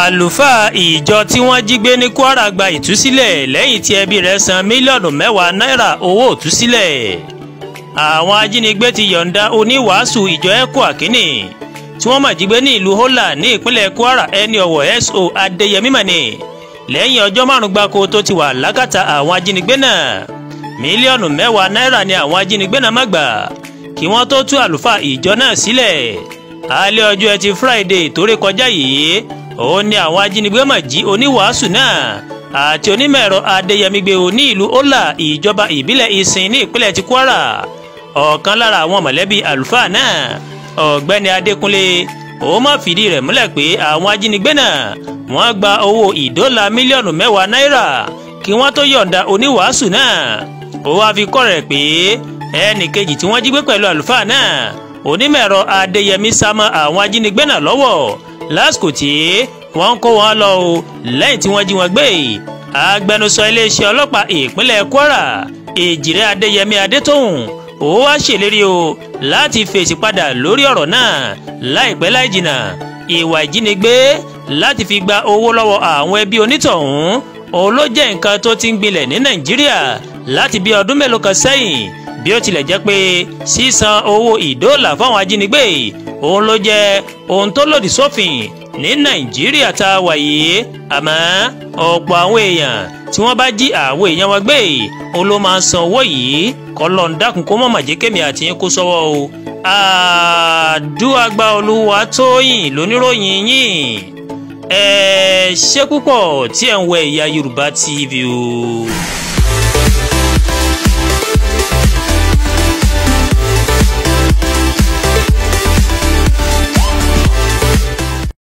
àlùfáà ìjọ tí wọ́n jí gbé ní Kwara gba ìtúsílẹ̀ lẹ́yìn tí ẹbí rẹ̀ san mílíọ̀nù mẹ́wàá náírà owó ìtúsílẹ̀ àwọn ajínigbé ti yọ̀ǹda oníwàásù ìjọ ẹ̀kọ́ àkíní tí wọ́n mọ̀ jí gbé ní ìlú hola ní ìpínlẹ̀ Kwara ẹni ọ̀wọ̀ so Adéyẹmí mọ̀nì lẹ́yìn ọjọ́ márùn-ún gbáko tó ti wà lákàtà àwọn ajínigbé náà mílíọ̀nù mẹ́wàá náírà ni àwọn ajínigbé náà má gbà kí wọ́n tó tú àlùfáà ìjọ náà sílẹ̀ alẹ́ ọjọ́ ẹtì Friday tó rékọjá yìí òun ni àwọn ajínigbé mà jí oníwàásù náà àti onímọ̀ ẹ̀rọ adéyẹmí gbé o ní ìlú ọlà ìjọba ìbílẹ̀ ìsìn ní ìpínlẹ̀ ti kwara ọ̀kan lára àwọn mọ̀lẹ́bí àlùfáà náà ọ̀gbẹ́ni adékúnlé ó má fìdí rẹ̀ múlẹ̀ pé àwọn ajínigbé náà wọ́n gba owó ìdọ́là mílíọ̀nù mẹ́wàá náírà kí wọ́n tó yọ̀ǹda oníwàásù náà ó wá fi kọ́ rẹ̀ pé ẹnì kejì tí wọ́n jí gbé pẹ̀lú àlùfáà náà onímọ̀ lásìkò tí wọ́n ń kó wọn lọ o lẹ́yìn tí wọ́n jí wọn gbé agbẹnusọ iléeṣẹ́ ọlọ́pàá ìpínlẹ̀ Kwara èjìrẹ́ adéyẹmí adétòhùn ó wá ṣèlérí o láti fèsì padà lórí ọ̀rọ̀ náà láìpẹ́ láì jìnnà ìwà ìjínigbé láti fi gba owó lọ́wọ́ àwọn ẹbí onítọ̀hún òun nǹkan tó ti ń gbilẹ̀ ní Nàìjíríà láti bí ọdún mélòó kan sẹ́yìn bí ó tilẹ̀ jẹ́ pé sísan owó ìdóòlà fáwọn ajínigbé òun ló jẹ́ ohun tó lòdì sófin ní nàìjíríà tá a wà yìí àmọ́ ọ̀pọ̀ àwọn èèyàn tí wọ́n bá jí àwọn èèyàn wọn gbé òun ló máa ń san owó yìí kọ́lọ́n dákun kó mọ̀mọ̀ jẹ́ kémi àti yín kó sọ́wọ́ o. àdúràgbà olúwa tóyìn lóníròyìn yín ẹ ṣé púpọ̀ tí ẹ̀ ń wẹ Ẹ̀yà Yorùbá TV o.